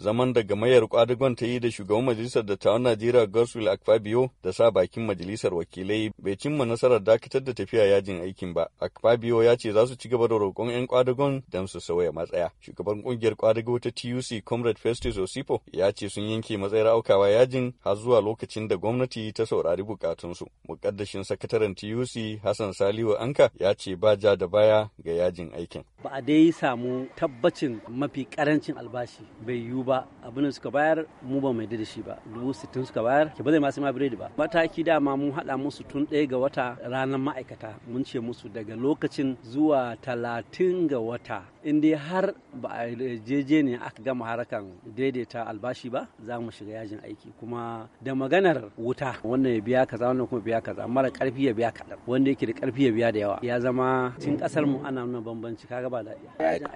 zaman da gamayyar kwadagon ta yi da shugaban majalisar dattawan Najeriya Godswill Akpabio da sa bakin majalisar wakilai bai cimma nasarar dakatar da tafiya yajin aikin ba. Akpabio ya ce za su ci gaba da roƙon 'yan kwadagon don su sauya matsaya. Shugaban ƙungiyar kwadago ta TUC Comrade Festus Osipo ya ce sun yanke matsayar aukawa yajin har zuwa lokacin da gwamnati ta saurari bukatunsu. Mukaddashin sakataren TUC Hassan Salihu Anka ya ce ba ja da baya ga yajin aikin. Ba a dai samu tabbacin mafi karancin albashi bai yiwu ba ba abin suka bayar mu ba mai da shi ba dubu sittin suka bayar ke ba zai masu ma biredi ba mataki dama mun hada musu tun daya ga wata ranar ma'aikata mun ce musu daga lokacin zuwa talatin ga wata in dai har ba a jeje ne aka gama harakan daidaita albashi ba za mu shiga yajin aiki kuma da maganar wuta wannan ya biya kaza wannan kuma biya kaza mara karfi ya biya kaɗan wanda yake da karfi ya biya da yawa ya zama cin ƙasar mu ana nuna bambanci kaga ba da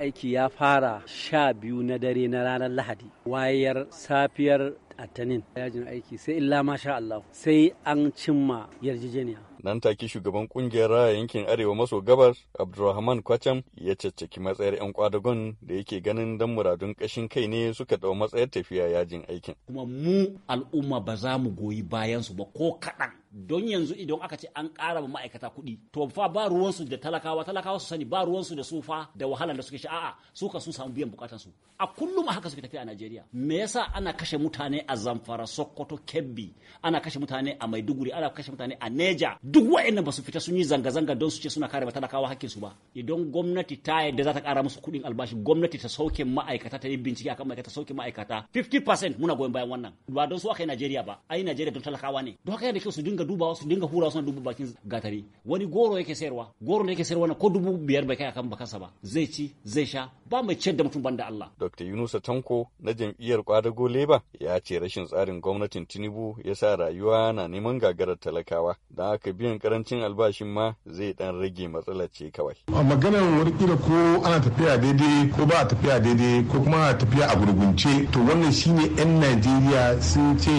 aiki ya fara sha biyu na dare na ranar lahadi lahadi wayar safiyar atanin yajin aiki sai illa masha Allah sai an cimma yarjejeniya. Nan take shugaban kungiyar raya yankin Arewa maso gabar Abdulrahman Kwacham ya caccaki matsayar 'yan kwadagon da yake ganin dan muradun kashin kai ne suka dau matsayar tafiya yajin aikin. Kuma mu al'umma ba za mu goyi bayan su ba ko kaɗan. don yanzu idan aka ce an ƙara ma ma'aikata kuɗi to fa ba ruwansu da talakawa talakawa su sani ba ruwansu da sufa da wahalar da suke sha a'a su ka sun samu biyan bukatan su a kullum haka suke tafiya a Najeriya me yasa ana kashe mutane a Zamfara Sokoto Kebbi ana kashe mutane a Maiduguri ana kashe mutane a Neja duk wa'annan ba su fita sun yi zanga zanga don su ce suna kare talakawa hakkin su ba idan gwamnati ta yadda za ta ƙara musu kuɗin albashi gwamnati ta sauke ma'aikata ta yi bincike akan ma'aikata sauke ma'aikata 50% muna goyon bayan wannan ba don su aka yi Najeriya ba ai Najeriya don talakawa ne don haka yana da kyau su dinga dinga dubawa su dinga hura na dubu bakin gatari wani goro yake sayarwa goro yake sayarwa na ko dubu biyar bai kai akan bakansa ba zai ci zai sha ba mai ciyar da mutum banda Allah Dr Yunusa Tanko na jam'iyyar Kwadago Leba ya ce rashin tsarin gwamnatin Tinubu ya sa rayuwa na neman gagarar talakawa da aka biyan karancin albashin ma zai dan rage matsalar ce kawai a maganar wani kila ko ana tafiya daidai ko ba a tafiya daidai ko kuma a tafiya a gurgunce to wannan shine yan Najeriya sun ce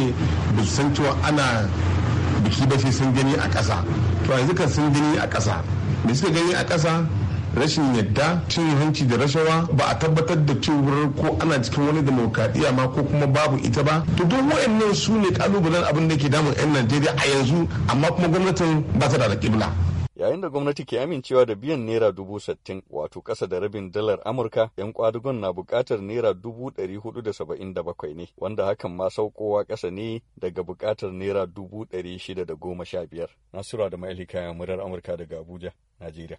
bisan cewa ana jiki ba sai sun gani a ƙasa to yanzu kan sun gani a ƙasa me suka gani a ƙasa rashin yadda cin hanci da rashawa ba a tabbatar da cewar ko ana cikin wani demokradiyya ma ko kuma babu ita ba to duk wayannan su ne kalubalen abin da ke damun 'yan najeriya a yanzu amma kuma gwamnatin ba ta da alƙibla yayin da gwamnati ke amincewa da biyan naira dubu sittin wato ƙasa da rabin dalar amurka yan kwadugon na buƙatar naira dubu ɗari hudu da saba'in da bakwai ne wanda hakan ma saukowa ƙasa ne daga buƙatar naira dubu ɗari shida da goma sha biyar nasura da kayan murar amurka daga abuja najeriya